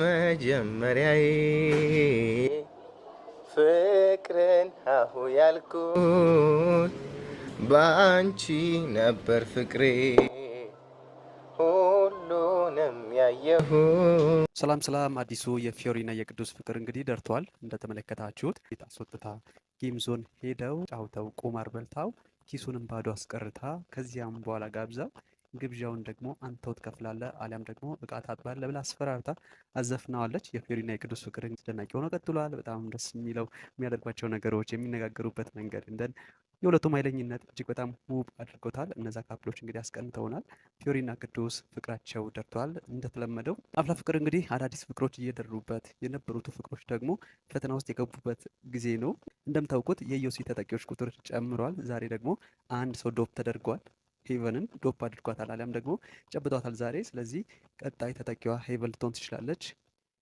መጀመሪያዬ ፍቅርን አሁ ያልኩት በአንቺ ነበር ፍቅሬ ሁሉንም ያየሁ። ሰላም ሰላም። አዲሱ የፊዮሪና የቅዱስ ፍቅር እንግዲህ ደርቷል። እንደተመለከታችሁት አስወጥታ ጌም ዞን ሄደው ጫውተው ቁማር በልታው ኪሱንም ባዶ አስቀርታ ከዚያም በኋላ ጋብዛው ግብዣውን ደግሞ አንተው ትከፍላለህ አሊያም ደግሞ እቃ ታጥባለህ ብላ አስፈራርታ አዘፍናዋለች። የፌሪና የቅዱስ ፍቅር አስደናቂ ሆኖ ቀጥሏል። በጣም ደስ የሚለው የሚያደርጓቸው ነገሮች፣ የሚነጋገሩበት መንገድ እንደን የሁለቱም ኃይለኝነት እጅግ በጣም ውብ አድርጎታል። እነዛ ካፕሎች እንግዲህ አስቀንተውናል። ፊዮሪና ቅዱስ ፍቅራቸው ደርተዋል። እንደተለመደው አፍላ ፍቅር እንግዲህ አዳዲስ ፍቅሮች እየደሩበት የነበሩት ፍቅሮች ደግሞ ፈተና ውስጥ የገቡበት ጊዜ ነው። እንደምታውቁት የኢዮሲ ተጠቂዎች ቁጥር ጨምሯል። ዛሬ ደግሞ አንድ ሰው ዶፕ ተደርጓል። ሄቨንን ዶፕ አድርጓታል አሊያም ደግሞ ጨብጧታል ዛሬ። ስለዚህ ቀጣይ ተጠቂዋ ሄቨን ልትሆን ትችላለች።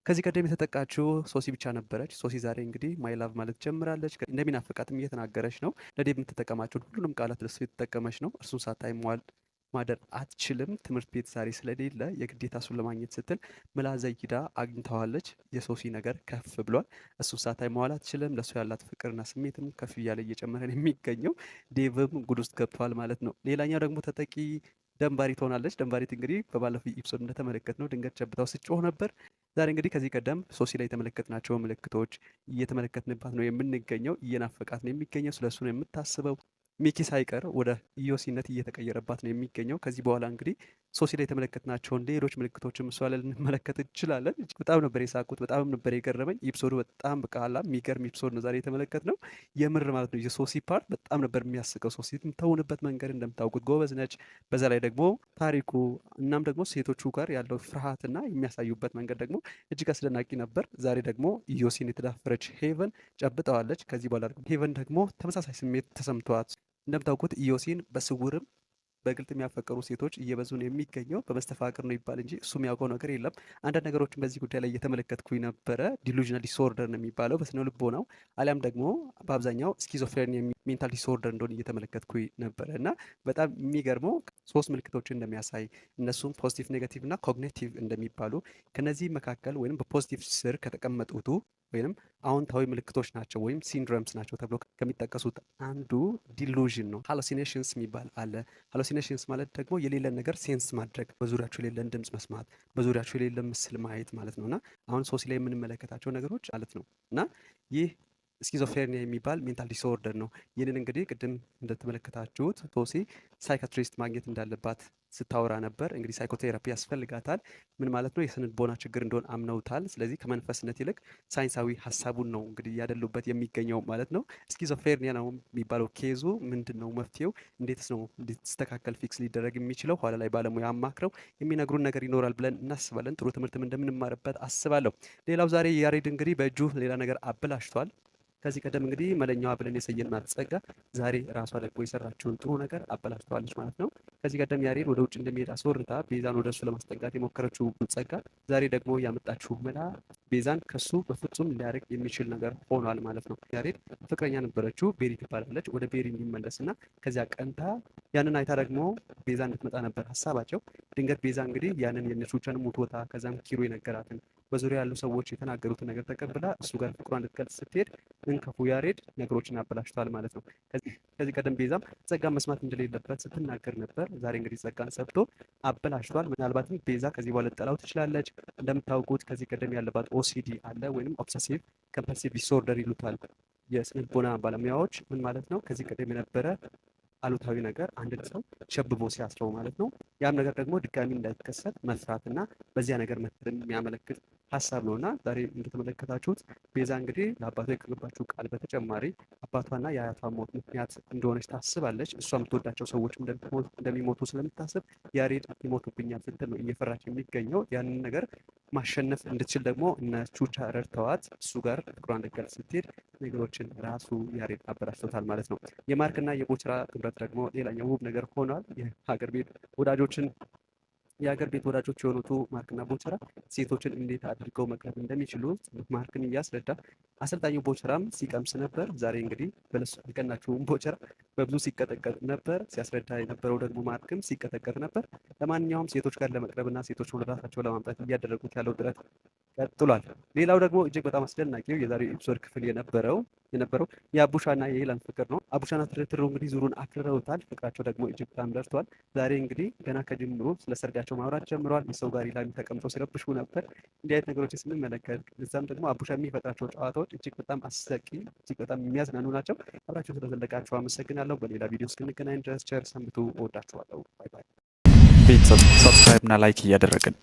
ከዚህ ቀደም የተጠቃችው ሶሲ ብቻ ነበረች። ሶሲ ዛሬ እንግዲህ ማይላቭ ማለት ጀምራለች። እንደሚናፍቃትም እየተናገረች ነው። ለዴቭ የምትጠቀማቸውን ሁሉንም ቃላት ለሱ የተጠቀመች ነው። እርሱን ሳታይ መዋል ማደር አትችልም። ትምህርት ቤት ዛሬ ስለሌለ የግዴታ እሱን ለማግኘት ስትል ምላዘይዳ አግኝተዋለች። የሶሲ ነገር ከፍ ብሏል። እሱ ሳታይ መዋል አትችልም። ለእሱ ያላት ፍቅርና ስሜትም ከፍ እያለ እየጨመረ ነው የሚገኘው። ዴቭም ጉድ ውስጥ ገብተዋል ማለት ነው። ሌላኛው ደግሞ ተጠቂ ደንባሪ ትሆናለች። ደንባሪት እንግዲህ በባለፈው ኢፕሶድ እንደተመለከትነው ድንገት ጨብታው ስጮህ ነበር። ዛሬ እንግዲህ ከዚህ ቀደም ሶሲ ላይ የተመለከትናቸው ምልክቶች እየተመለከትንባት ነው የምንገኘው። እየናፈቃት ነው የሚገኘው። ስለሱ ነው የምታስበው። ሚኪ ሳይቀር ወደ ኢዮሲነት እየተቀየረባት ነው የሚገኘው። ከዚህ በኋላ እንግዲህ ሶሲ ላይ የተመለከትናቸውን ሌሎች ምልክቶችም እሷ ላይ ልንመለከት እንችላለን። በጣም ነበር የሳቁት፣ በጣም ነበር የገረመኝ። ኤፒሶዱ በጣም በቃላ የሚገርም ኤፒሶድ ነው ዛሬ የተመለከት ነው የምር ማለት ነው። የሶሲ ፓርት በጣም ነበር የሚያስቀው። ሶሲ የምትሆንበት መንገድ እንደምታውቁት ጎበዝ ነች። በዛ ላይ ደግሞ ታሪኩ እናም ደግሞ ሴቶቹ ጋር ያለው ፍርሃትና የሚያሳዩበት መንገድ ደግሞ እጅግ አስደናቂ ነበር። ዛሬ ደግሞ ኢዮሲን የተዳፈረች ሄቨን ጨብጠዋለች። ከዚህ በኋላ ሄቨን ደግሞ ተመሳሳይ ስሜት ተሰምተዋት እንደምታውቁት ኢዮሲን በስውርም በግልጥ የሚያፈቀሩ ሴቶች እየበዙ ነው የሚገኘው። በመስተፋቅር ነው ይባል እንጂ እሱ የሚያውቀው ነገር የለም። አንዳንድ ነገሮችን በዚህ ጉዳይ ላይ እየተመለከትኩኝ ነበረ። ዲሉዥናል ዲስኦርደር ነው የሚባለው በስነ ልቦናው፣ አሊያም ደግሞ በአብዛኛው ስኪዞፍሬኒያ ሜንታል ዲስኦርደር እንደሆነ እየተመለከትኩኝ ነበረ እና በጣም የሚገርመው ሶስት ምልክቶችን እንደሚያሳይ እነሱም ፖዚቲቭ፣ ኔጋቲቭ እና ኮግኒቲቭ እንደሚባሉ ከነዚህ መካከል ወይም በፖዚቲቭ ስር ከተቀመጡቱ ወይም አዎንታዊ ምልክቶች ናቸው ወይም ሲንድረምስ ናቸው ተብሎ ከሚጠቀሱት አንዱ ዲሉዥን ነው። ሃሎሲኔሽንስ የሚባል አለ። ሃሎሲኔሽንስ ማለት ደግሞ የሌለን ነገር ሴንስ ማድረግ፣ በዙሪያቸው የሌለን ድምፅ መስማት፣ በዙሪያቸው የሌለን ምስል ማየት ማለት ነው እና አሁን ሶሲ ላይ የምንመለከታቸው ነገሮች ማለት ነው እና ይህ ስኪዞፍሬኒያ የሚባል ሜንታል ዲስኦርደር ነው። ይህንን እንግዲህ ቅድም እንደተመለከታችሁት ቶሲ ሳይካትሪስት ማግኘት እንዳለባት ስታወራ ነበር። እንግዲህ ሳይኮቴራፒ ያስፈልጋታል። ምን ማለት ነው? የስነ ችግር እንደሆን አምነውታል። ስለዚህ ከመንፈስነት ይልቅ ሳይንሳዊ ሀሳቡን ነው እንግዲህ እያደሉበት የሚገኘው ማለት ነው። ስኪዞፍሬኒያ ነው የሚባለው ኬዙ። ምንድን ነው መፍትሄው? እንዴትስ ነው እንዲስተካከል ፊክስ ሊደረግ የሚችለው? ኋላ ላይ ባለሙያ አማክረው የሚነግሩን ነገር ይኖራል ብለን እናስባለን። ጥሩ ትምህርትም እንደምንማርበት አስባለሁ። ሌላው ዛሬ ያሬድ እንግዲህ በእጁ ሌላ ነገር አበላሽቷል። ከዚህ ቀደም እንግዲህ መለኛዋ ብለን የሰየናት ጸጋ ዛሬ ራሷ ደግሞ የሰራችውን ጥሩ ነገር አበላሽተዋለች ማለት ነው። ከዚህ ቀደም ያሬድ ወደ ውጭ እንደሚሄድ አስወርታ ቤዛን ወደ እሱ ለማስጠጋት የሞከረችው ጸጋ ዛሬ ደግሞ ያመጣችው መላ ቤዛን ከሱ በፍጹም ሊያርቅ የሚችል ነገር ሆኗል ማለት ነው። ያሬድ ፍቅረኛ ነበረችው ቤሪ ትባላለች። ወደ ቤሪ እንዲመለስና ከዚያ ቀንታ ያንን አይታ ደግሞ ቤዛ እንድትመጣ ነበር ሀሳባቸው። ድንገት ቤዛ እንግዲህ ያንን የነሱቻን ሙቶታ ከዛም ኪሮ የነገራትን በዙሪያ ያሉ ሰዎች የተናገሩትን ነገር ተቀብላ እሱ ጋር ፍቅሯ እንድትገልጽ ስትሄድ እንከፉ ያሬድ ነገሮችን አበላሽቷል ማለት ነው። ከዚህ ቀደም ቤዛም ጸጋን መስማት እንደሌለበት ስትናገር ነበር። ዛሬ እንግዲህ ጸጋን ሰብቶ አበላሽቷል። ምናልባትም ቤዛ ከዚህ በኋላ ጠላው ትችላለች። እንደምታውቁት ከዚህ ቀደም ያለባት ኦሲዲ አለ ወይም ኦብሰሲቭ ኮምፐልሲቭ ዲስኦርደር ይሉታል የስነ ልቦና ባለሙያዎች። ምን ማለት ነው? ከዚህ ቀደም የነበረ አሉታዊ ነገር አንድ ሰው ሸብቦ ሲያስረው ማለት ነው። ያም ነገር ደግሞ ድጋሚ እንዳይከሰት መስራትና በዚያ ነገር መትርን የሚያመለክት ሀሳብ ነው እና ዛሬ እንደተመለከታችሁት ቤዛ እንግዲህ ለአባቷ የቀረበችው ቃል በተጨማሪ አባቷና የአያቷ ሞት ምክንያት እንደሆነች ታስባለች። እሷ የምትወዳቸው ሰዎች እንደሚሞቱ ስለምታስብ ያሬድ ይሞቱብኛል ስትል ነው እየፈራች የሚገኘው። ያንን ነገር ማሸነፍ እንድትችል ደግሞ እነ ቹቻ ረድተዋት እሱ ጋር ፍቅሯን ልትገልጽ ስትሄድ ነገሮችን ራሱ ያሬድ አበላሽቶታል ማለት ነው። የማርክና የቦችራ ጥምረት ደግሞ ሌላኛው ውብ ነገር ሆኗል። የሀገር ቤት ወዳጆችን የሀገር ቤት ወዳጆች የሆኑቱ ማርክና ቦቸራ ሴቶችን እንዴት አድርገው መቅረብ እንደሚችሉ ማርክን እያስረዳ አሰልጣኙ ቦቸራም ሲቀምስ ነበር። ዛሬ እንግዲህ በለሱ አልቀናችሁም። ቦቸራ በብዙ ሲቀጠቀጥ ነበር። ሲያስረዳ የነበረው ደግሞ ማርክም ሲቀጠቀጥ ነበር። ለማንኛውም ሴቶች ጋር ለመቅረብና ሴቶች ራሳቸው ለማምጣት እያደረጉት ያለው ጥረት ቀጥሏል። ሌላው ደግሞ እጅግ በጣም አስደናቂው የዛሬው ኤፒሶድ ክፍል የነበረው የነበረው የአቡሻና የሄለን ፍቅር ነው። አቡሻና ትርትሩ እንግዲህ ዙሩን አክርረውታል። ፍቅራቸው ደግሞ እጅግ በጣም ደርቷል። ዛሬ እንግዲህ ገና ከጅምሮ ስለ ሰርጋቸው ማውራት ጀምረዋል። የሰው ጋር ላይ ተቀምጠው ሲረብሹ ነበር። እንዲህ አይነት ነገሮች ስንመለከት እዛም ደግሞ አቡሻ የሚፈጥራቸው ጨዋታዎች እጅግ በጣም አስቂ፣ እጅግ በጣም የሚያዝናኑ ናቸው። አብራቸው ስለዘለቃቸው አመሰግናለሁ። በሌላ ቪዲዮ እስክንገናኝ ድረስ ቸር ሰንብቱ። እወዳችኋለሁ። ባይ ባይ። ቤተሰብ ሰብስክራይብ ላይክ እያደረግን